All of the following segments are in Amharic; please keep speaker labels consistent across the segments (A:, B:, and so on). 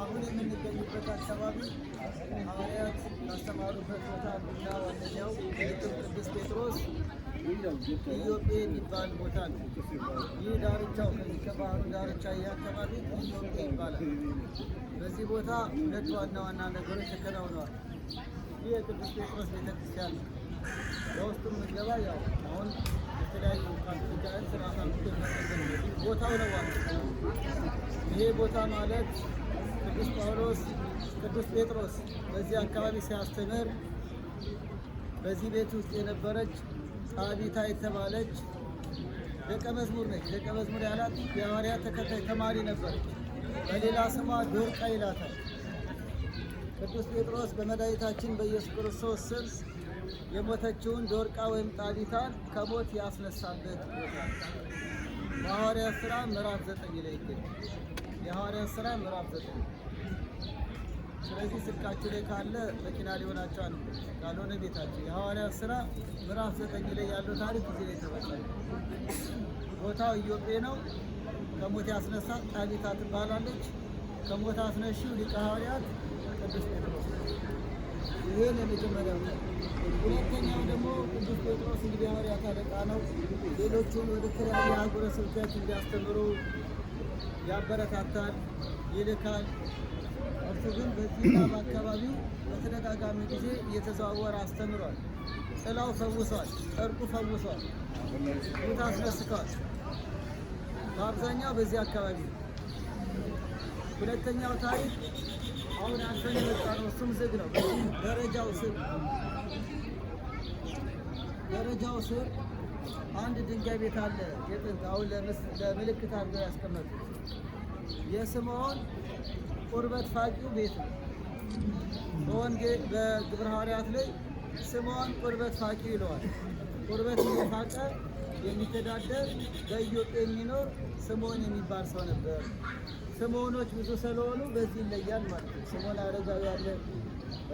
A: አሁን የምንገኝበት አካባቢ ሐዋርያት ያስተማሩበት ቦታ እና ዋነኛው ቅዱስ ጴጥሮስ ኢዮጴ የሚባል ቦታ ነው። ይህ ዳርቻው ከባህሩ ዳርቻ ይህ ኢዮጴ ይባላል። በዚህ ቦታ ሁለት ዋና ዋና ነገሮች ተከናውነዋል። ይህ የቅዱስ ጴጥሮስ ቤተክርስቲያን ነው። በውስጡም ምገባ ያው አሁን የተለያዩ ቃልጋን ስርዓት ቦታው ነው። ይሄ ቦታ ማለት ቅዱስ ጳውሎስ ቅዱስ ጴጥሮስ በዚህ አካባቢ ሲያስተምር በዚህ ቤት ውስጥ የነበረች ጻቢታ የተባለች ደቀ መዝሙር ነች። ደቀ መዝሙር ያላት የሐዋርያት ተከታይ ተማሪ ነበረች። በሌላ ስሟ ዶርቃ ይላታል። ቅዱስ ጴጥሮስ በመድኃኒታችን በኢየሱስ ክርስቶስ ስም የሞተችውን ዶርቃ ወይም ጣቢታን ከሞት ያስነሳበት ቦታ የሐዋርያት ሥራ ምዕራፍ ዘጠኝ ላይ ይገኛል። የሐዋርያ ሥራ ምዕራፍ ዘጠኝ ስለዚህ ስልካችሁ ላይ ካለ መኪና ሊሆናቸው አንዱ ካልሆነ ቤታቸው የሐዋርያ ሥራ ምዕራፍ ዘጠኝ ላይ ያለው ታሪክ ጊዜ ላይ ተመሳለ ቦታው ኢዮጴ ነው። ከሞት ያስነሳት ጣቢታ ትባላለች። ከሞት አስነሺው ሊቀ ሐዋርያት ቅዱስ ጴጥሮስ ይህን የመጀመሪያው ነው። ሁለተኛው ደግሞ ቅዱስ ጴጥሮስ እንግዲህ ሐዋርያት አለቃ ነው። ሌሎቹን ወደ ተለያየ አህጉረ ስብከት እንዲያስተምሩ ያበረታታል፣ ይልካል። እርሱ ግን በዚህ በአካባቢው በተደጋጋሚ ጊዜ እየተዘዋወረ አስተምሯል። ጥላው ፈውሷል፣ ጨርቁ ፈውሷል፣ ሙት አስነስቷል። በአብዛኛው በዚህ አካባቢ ሁለተኛው ታሪክ አሁን አንተን የመጣ ነው። እሱም ዝግ ነው። ደረጃው ስር ደረጃው ስር አንድ ድንጋይ ቤት አለ የጥንት አሁን ለምልክት አድርገው ያስቀመጡት የስምዖን ቁርበት ፋቂው ቤት ነው። በግብረ ሐዋርያት ላይ ስምዖን ቁርበት ፋቂው ይለዋል። ቁርበት እየፋቀ የሚተዳደር በኢዮጴ የሚኖር ስምዖን የሚባል ሰው ነበር። ስምዖኖች ብዙ ስለሆኑ በዚህ ይለያል ማለት ነው። ስምዖን አረጋዊ አለ፣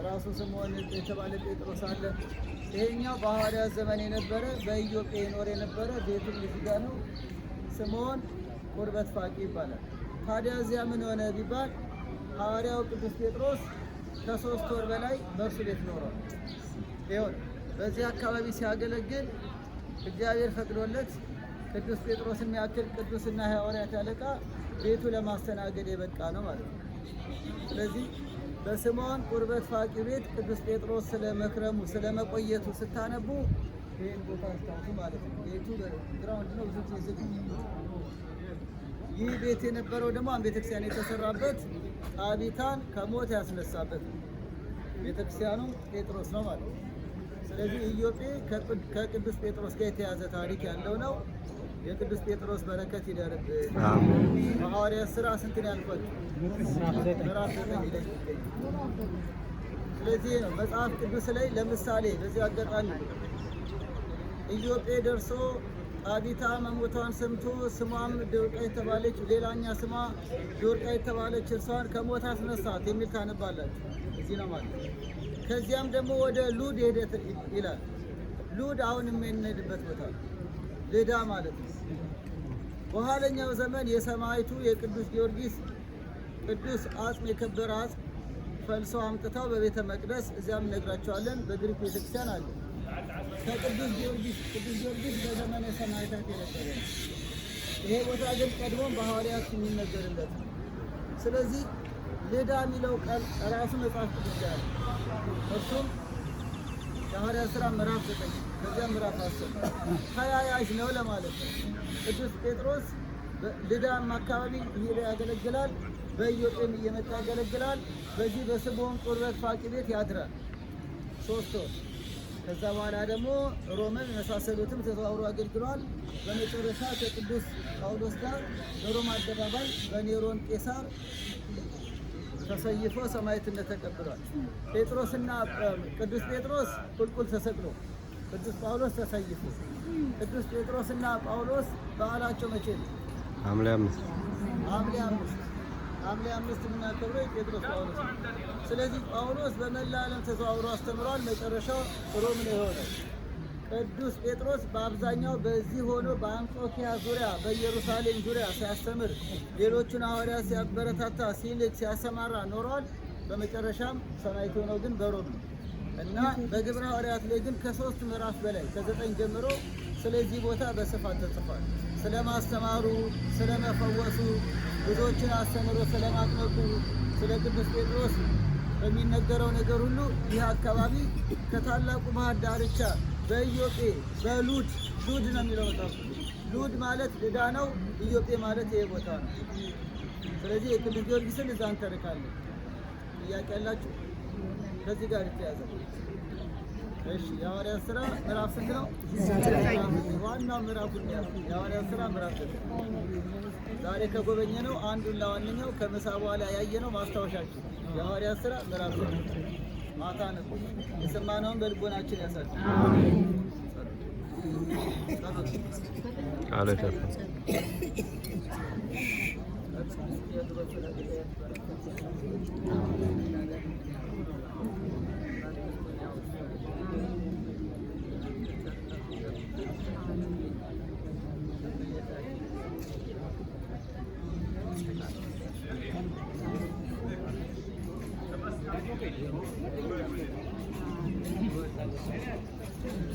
A: ራሱ ስምዖን የተባለ ጴጥሮስ አለ። ይሄኛው በሐዋርያ ዘመን የነበረ በኢዮጴ ይኖር የነበረ ቤቱም እዚህ ጋ ነው። ስምዖን ቁርበት ፋቂ ይባላል። ታዲያ እዚያ ምን ሆነ ቢባል ሐዋርያው ቅዱስ ጴጥሮስ ከሶስት ወር በላይ በእርሱ ቤት ኖሯል። ይሁን በዚህ አካባቢ ሲያገለግል እግዚአብሔር ፈቅዶለት ቅዱስ ጴጥሮስን ያክል ቅዱስና ሐዋርያት ያለቃ ቤቱ ለማስተናገድ የበቃ ነው ማለት ነው። ስለዚህ በስምዖን ቁርበት ፋቂ ቤት ቅዱስ ጴጥሮስ ስለመክረሙ ስለመቆየቱ ስታነቡ ይህን ቦታ አስታውሱ ማለት ነው። ቤቱ ግራውንድ ነው፣ ብዙ ጊዜ ዝግ። ይህ ቤት የነበረው ደግሞ አንድ ቤተክርስቲያን የተሰራበት ጣቢታን ከሞት ያስነሳበት ቤተክርስቲያኑ ጴጥሮስ ነው ማለት ነው። ስለዚህ ኢዮጴ ከቅዱስ ጴጥሮስ ጋር የተያዘ ታሪክ ያለው ነው። የቅዱስ ጴጥሮስ በረከት ይደርብ ሐዋርያት ስራ ስንትን ያልኳል ምዕራፍ ዘጠኝ ላይ ስለዚህ ነው መጽሐፍ ቅዱስ ላይ ለምሳሌ በዚህ አጋጣሚ ኢዮጴ ደርሶ አቢታ መሞቷን ሰምቶ ስሟም ድርቃ የተባለች ሌላኛ ስሟ ድርቃ የተባለች እርሷን ከሞት አስነሳት የሚል ታነባላችሁ። እዚህ ነው ማለት። ከዚያም ደግሞ ወደ ሉድ ሄደ ይላል። ሉድ አሁን የምንሄድበት ቦታ ልዳ ማለት ነው። በኋለኛው ዘመን የሰማይቱ የቅዱስ ጊዮርጊስ ቅዱስ አጽም የከበረ አጽም ፈልሶ አምጥተው በቤተ መቅደስ እዚያም እነግራቸዋለን። በግሪክ ቤተክርስቲያን አለን ከቅዱስ ጊዮርጊስ ቅዱስ ጊዮርጊስ በዘመነ ሰማዕታት የነበረ ይሄ ቦታ ግን ቀድሞም በሐዋርያት የሚነገርለት ነው። ስለዚህ ልዳ የሚለው ቃል ራሱ መጽሐፍ ቅዱስ ያለ እርሱም የሐዋርያት ሥራ ምዕራፍ ዘጠኝ ከዚያ ምዕራፍ አስር ተያያዥ ነው ለማለት ነው። ቅዱስ ጴጥሮስ ልዳም አካባቢ ሄደ ያገለግላል። በኢዮጴም እየመጣ ያገለግላል። በዚህ በስምዖን ቁርበት ፋቂ ቤት ያድራል ሶስት ወር ከዛ በኋላ ደግሞ ሮምን የመሳሰሉትም ተዘዋውሮ አገልግሏል። በመጨረሻ ከቅዱስ ጳውሎስ ጋር በሮም አደባባይ በኔሮን ቄሳር ተሰይፎ ሰማዕትነት ተቀብሏል። ጴጥሮስና ቅዱስ ጴጥሮስ ቁልቁል ተሰቅሎ፣ ቅዱስ ጳውሎስ ተሰይፎ። ቅዱስ ጴጥሮስና ጳውሎስ በዓላቸው መቼ ነው? ሐምሌ አምስት ሐምሌ አምስት ሐምሌ አምስት የምናከብረው የጴጥሮስ ጳውሎስ ነው። ስለዚህ ጳውሎስ በመላ ዓለም ተዘዋውሮ አስተምሯል። መጨረሻው ሮም ነው የሆነው። ቅዱስ ጴጥሮስ በአብዛኛው በዚህ ሆኖ በአንጾኪያ ዙሪያ በኢየሩሳሌም ዙሪያ ሲያስተምር ሌሎቹን ሐዋርያት ሲያበረታታ፣ ሲልክ፣ ሲያሰማራ ኖሯል። በመጨረሻም ሰማዕት ሆኖ ግን በሮም ነው እና በግብረ ሐዋርያት ላይ ግን ከሶስት ምዕራፍ በላይ ከዘጠኝ ጀምሮ ስለዚህ ቦታ በስፋት ተጽፏል። ስለ ማስተማሩ፣ ስለ መፈወሱ፣ ብዙዎችን አስተምሮ ስለ ማጥመቁ፣ ስለ ቅዱስ ጴጥሮስ በሚነገረው ነገር ሁሉ ይህ አካባቢ ከታላቁ ባህር ዳርቻ በኢዮጴ በሉድ ሉድ ነው የሚለው መጽሐፍ። ሉድ ማለት ልዳ ነው። ኢዮጴ ማለት ይሄ ቦታ ነው። ስለዚህ የቅዱስ ጊዮርጊስን እዛ እንተርካለን። ጥያቄ ያላችሁ ከዚህ ጋር የተያዘ እሺ የሐዋርያት ሥራ ምዕራፍ ስንት ነው? ዋና ምዕራፍ የሐዋርያት ስራ ምዕራፍ ስንት? ዛሬ ከጎበኘ ነው አንዱን ለዋነኛው ከምሳ በኋላ ያየ ነው ማስታወሻችን። የሐዋርያት ሥራ ምዕራፍ ስንት ማታ ነው የሰማነውን በልቦናችን ያሳል። አሜን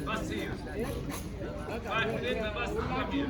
B: Basıyor. Bak, bak, bak, bak,